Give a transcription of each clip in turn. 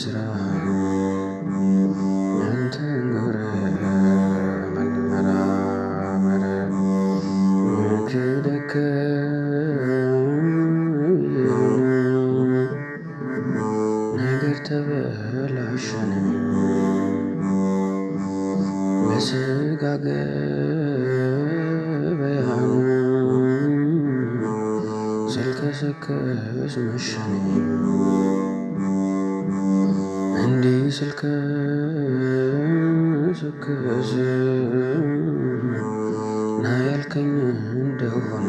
ስራ ያንተን ነገር ተበላሸን በስጋ ገበያን ስልከሰከስ ስልክስክስ ና ያልከኝ እንደሆነ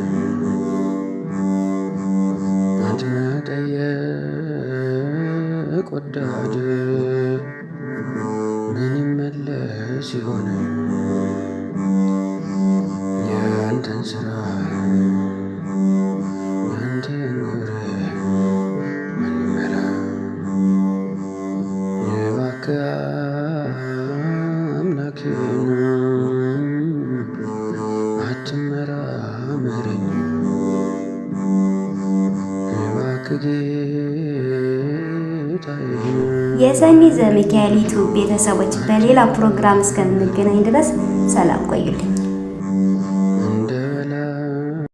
አትመጠየቅ ወዳድ ምን ይመለስ ይሆን ያንተን ስራ የሰኒ ዘመኪያሊቱ ቤተሰቦች በሌላ ፕሮግራም እስከምንገናኝ ድረስ ሰላም ቆዩልኝ።